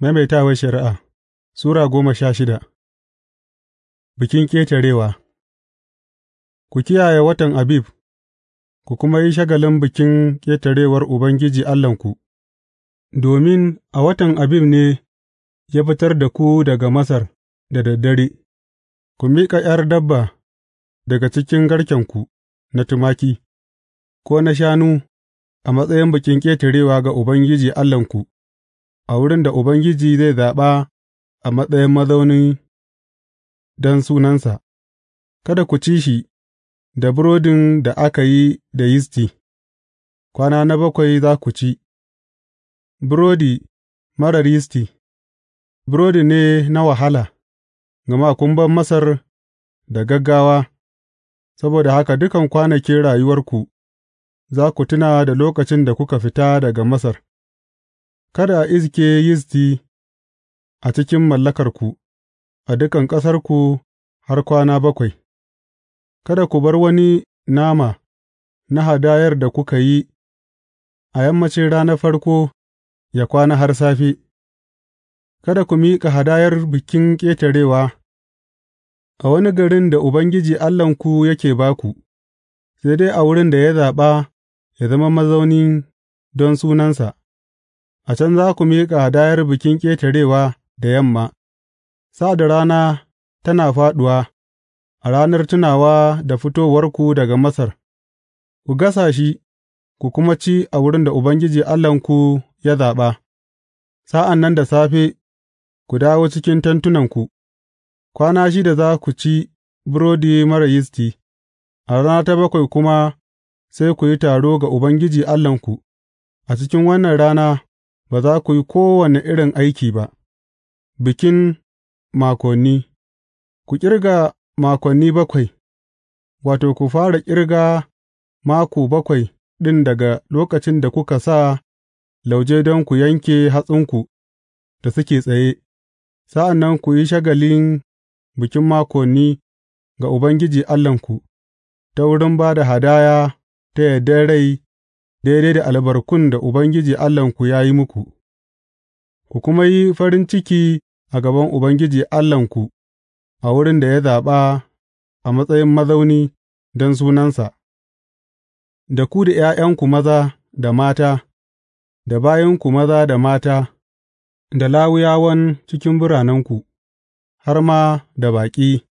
Maimaitawar Shari'a Sura goma sha shida Bikin Ƙetarewa Ku kiyaye watan Abib, ku kuma yi shagalin Bikin Ƙetarewar Ubangiji Allahnku, domin a watan Abib ne ya fitar da ku daga Masar da daddare. ku miƙa ’yar dabba daga cikin garkenku na tumaki, ko na shanu a matsayin Bikin Ƙetarewa ga Ubangiji Allahnku. a wurin da Ubangiji zai zaɓa a matsayin mazaunin don Sunansa, kada ku ci shi da burodin da aka yi da yisti, kwana na bakwai za ku ci, burodi marar yisti, burodi ne na wahala, gama kun Masar da gaggawa, saboda haka dukan kwanakin rayuwarku za ku tuna da lokacin da kuka fita daga Masar. Kada a iske yisti a cikin mallakarku a dukan ƙasarku har kwana bakwai, kada ku bar wani nama na hadayar da kuka yi a yammacin ranar farko ya kwana har safe, kada ku miƙa hadayar Bikin Ƙetarewa a wani garin da Ubangiji Allahnku yake ba ku, sai dai a wurin da ya zaɓa ya zama mazaunin don Sunansa. A can za ku miƙa hadayar Bikin Ƙetarewa da yamma, sa'ad da rana tana fāɗuwa a ranar tunawa da fitowarku daga Masar, ku gasa shi ku kuma ci a wurin da Ubangiji Allahnku ya zaɓa, sa'an nan da safe ku dawo cikin tentunanku, kwana shida za ku ci burodi marar yisti, a rana ta bakwai kuma sai ku yi taro ga Ubangiji Allahnku, a cikin wannan rana. ba za ku yi kowane irin aiki ba, bikin makonni. ku ƙirga makonni bakwai, wato, ku fara ƙirga mako bakwai ɗin daga lokacin da kuka sa lauje don ku yanke hatsinku da suke tsaye, sa'an nan ku yi shagalin bikin makonni ga Ubangiji Allahnku, ta wurin ba da hadaya ta yardar rai daidai da albarkun da Ubangiji Allahnku ya yi muku. ku kuma yi farin ciki a gaban Ubangiji Allahnku a wurin da ya zaɓa a matsayin mazauni don Sunansa, da ku da ’ya'yanku maza da mata, da bayanku maza da mata, da lawuyawan cikin biranenku, har ma da baƙi,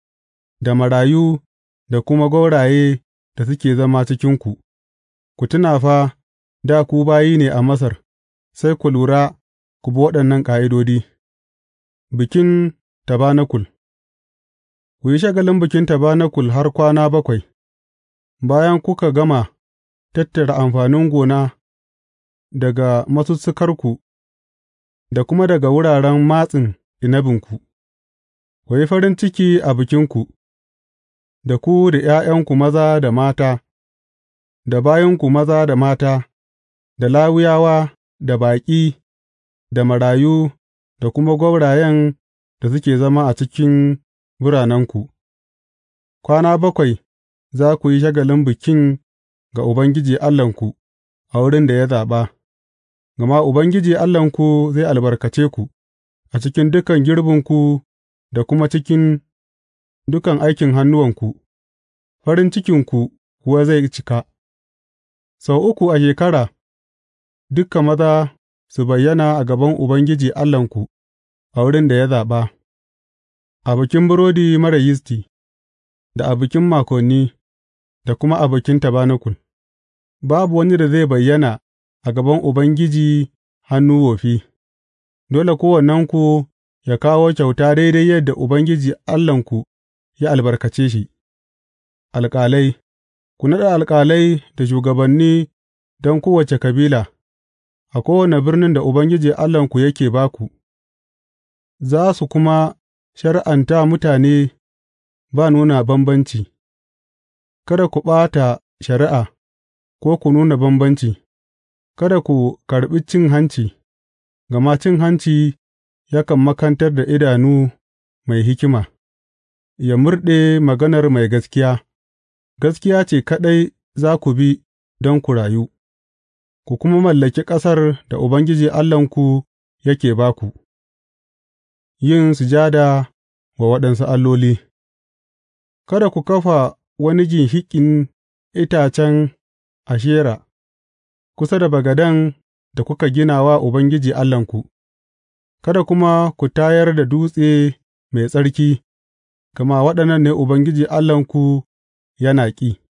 da marayu, da kuma gauraye da suke zama cikinku, ku tuna fa, da ku bayi ne a Masar, sai ku lura. Ku bi waɗannan ƙa'idodi Bikin tabanakul Ku yi shagalin Bikin tabanakul har kwana bakwai, bayan kuka gama tattara amfanin gona daga masussukarku da kuma daga wuraren matsin inabinku, ku yi farin ciki a bikinku, da ku da ’ya'yanku maza da mata, da bayanku maza da mata, da lawuyawa da baƙi. da marayu da kuma gwaurayen da suke zama a cikin biranenku, kwana bakwai za ku yi shagalin bikin ga Ubangiji Allahnku a wurin da ya zaɓa, gama Ubangiji Allahnku zai albarkace ku a cikin dukan girbinku da kuma cikin dukan aikin hannuwanku, farin cikinku kuwa zai cika. Sau uku a shekara, dukan maza su bayyana a gaban Ubangiji Allahnku a wurin da ya zaɓa, a Bikin Burodi Marar Yisti, da a Bikin makonni, da kuma a Bikin Tabanakul, babu wani da zai bayyana a gaban Ubangiji hannu wofi, dole kowannenku ya kawo kyauta daidai yadda Ubangiji Allahnku ya albarkace shi. Alƙalai Ku naɗa alƙalai da shugabanni don kowace kabila. a kowane birnin da Ubangiji Allahnku yake ba ku, za su kuma shari'anta mutane ba nuna bambanci, kada ku ɓata shari'a ko ku nuna bambanci, kada ku karɓi cin hanci, gama cin hanci yakan makantar da idanu mai hikima, ya murɗe maganar mai gaskiya, gaskiya ce kaɗai za ku bi don ku rayu. ku kuma mallaki ƙasar da Ubangiji Allahnku yake ba ku. Yin sujada wa waɗansu alloli Kada ku kafa wani ginshiƙin itacen Ashera kusa da bagadan da kuka gina wa Ubangiji Allahnku, kada kuma ku tayar da dutse mai tsarki, gama waɗannan ne Ubangiji Allahnku yana ƙi.